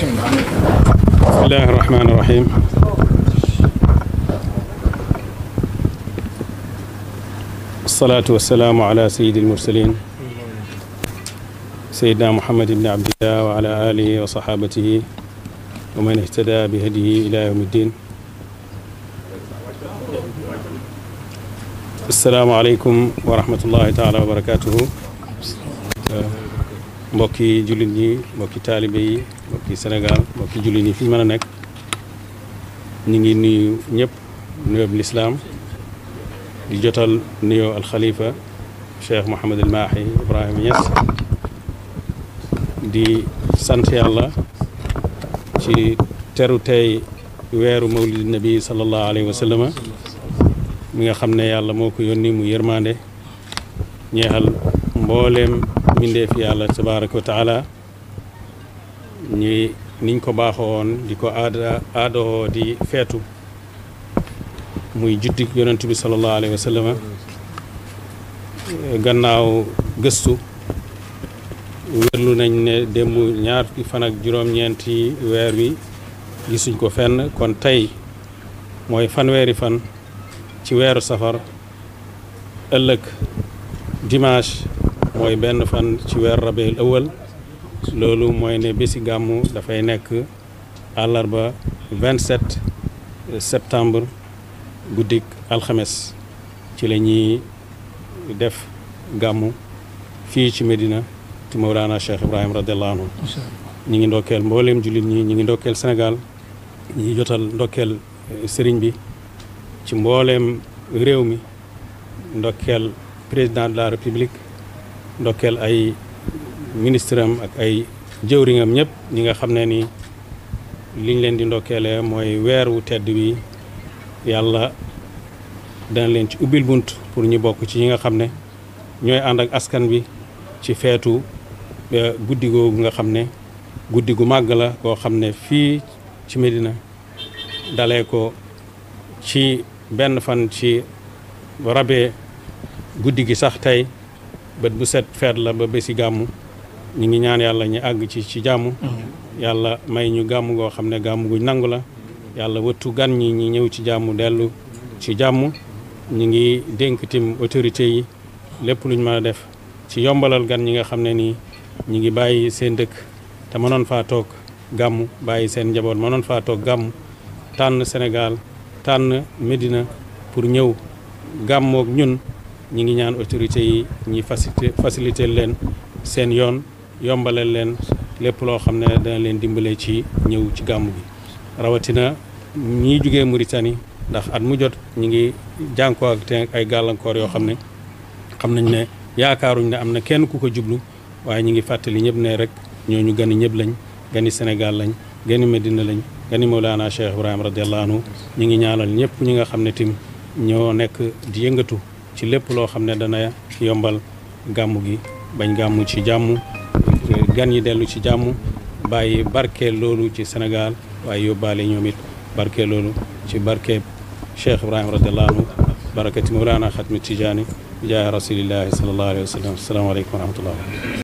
bismillahi rahmaani rahim asalaatu wasalaamu ala sayidi almursalin sayidna muhammad ibni abdillah wa ala alihi wa sahabatihi wa man ihtada bi hadihi ila yawmi ddin asalaamu aleykum wa rahmatullahi taala wa barakatuhu uh, mbokki jullit yi mbokki taalibe yi mbokki Sénégal mbokki jullit yi fi ñu mën a nekk ñu ngi nuyu ñëpp nuyoob lislaam di jotal nuyoo alxalifa Cheikh Mouhamed El Mahi Ibrahima Niass di sant yàlla ci teru tey weeru mawlid nabi sallallahu alayhi wa mi nga xam ne yàlla moo ko yónni mu yërmande ñeexal mbooleem mbindeef yàlla tabaraka wa taala niñ ko baaxoon di ko aada di feetu muy juddik yonent bi sallallahu alayhi wa sallam gannaaw gëstu wérlu nañ ne démb ñaar fukki juróom-ñeenti weer wi gisuñ ko fenn kon tey mooy fanweeri fan ci weeru safar ëllëg dimanche mooy benn fan ci weer rabiul awal loolu mooy ne bési gàmmu dafay nekk àllarba 27 septembre guddik alxemes ci la ñuy def gàmmu fii ci Medina ti Mawlana Cheikh Ibrahim radiallahu anhu ñu ngi ndokkeel mbooleem jullit ñi ñi ngi ndokkeel Sénégal ñi ngi ndokkeel eh, sëriñ bi ci mbooleem réew mi ndokkeel président de la république ndokkeel ay ministre ak ay jëwriñam ñëpp ñi nga xam ne ni liñ leen di ndokkeelee mooy weer wu tedd wi yàlla dana leen ci ubbil bunt pour ñu bokk ci ñi nga xam ne ñooy ànd ak askan bi ci feetu e, guddi googu nga xam ne guddi gu màgg la koo xam ne fii ci Medina dale ko ci benn fan ci rabe guddi gi sax tey bët bu set feet la ba bési gàmmu ñu ngi ñaan yàlla ñu àgg ci ci jàmm yàlla may ñu gàmm goo xam ne gàmm gu nangu la yàlla wëttu gan ñi ñu ñëw ci jàmm dellu ci jàmm ñu ngi dénk tim autorité yi lépp luñ mën a def ci yombalal gan ñi nga xam ne nii ñu ngi bàyyi seen dëkk te mënoon faa toog gàmm bàyyi seen njaboot mënoon faa toog gàmm tànn Sénégal tànn Médina pour ñëw gàmmoog ñun ñi ngi ñaan autorités yi ñi facilité facilité leen seen yoon yombalal leen lépp loo xam ne dana leen dimbalee ci ñëw ci gàmb bi rawatina ñi jugee Mauritanie ndax at mu jot ñi ngi jànkoo ak te ay gàllankoor yoo xam ne xam nañ ne yaakaaruñ ne am na kenn ku ko jublu waaye ñi ngi fàttali ñëpp ne rek ñoo ñooñu gani ñëpp lañ gani Sénégal lañ gani Medina lañ gani Mawlana Cheikh Ibrahim radiallahu anhu ñi ngi ñaanal ñëpp ñi nga xam ne tim ñoo nekk di yëngatu ci lépp loo xam ne dana yombal gàmmu gi bañ gàmmu ci jàmm gan yi dellu ci jàmm bàyyi barke loolu ci senegal waaye yóbbaale ñoom it barke loolu ci barke Cheikh Ibrahima radiallahu anhu barakati Mawlana Xatmi Tijaani jaay rasulillahi sallallahu alayhi wa sallam asalaamaaleykum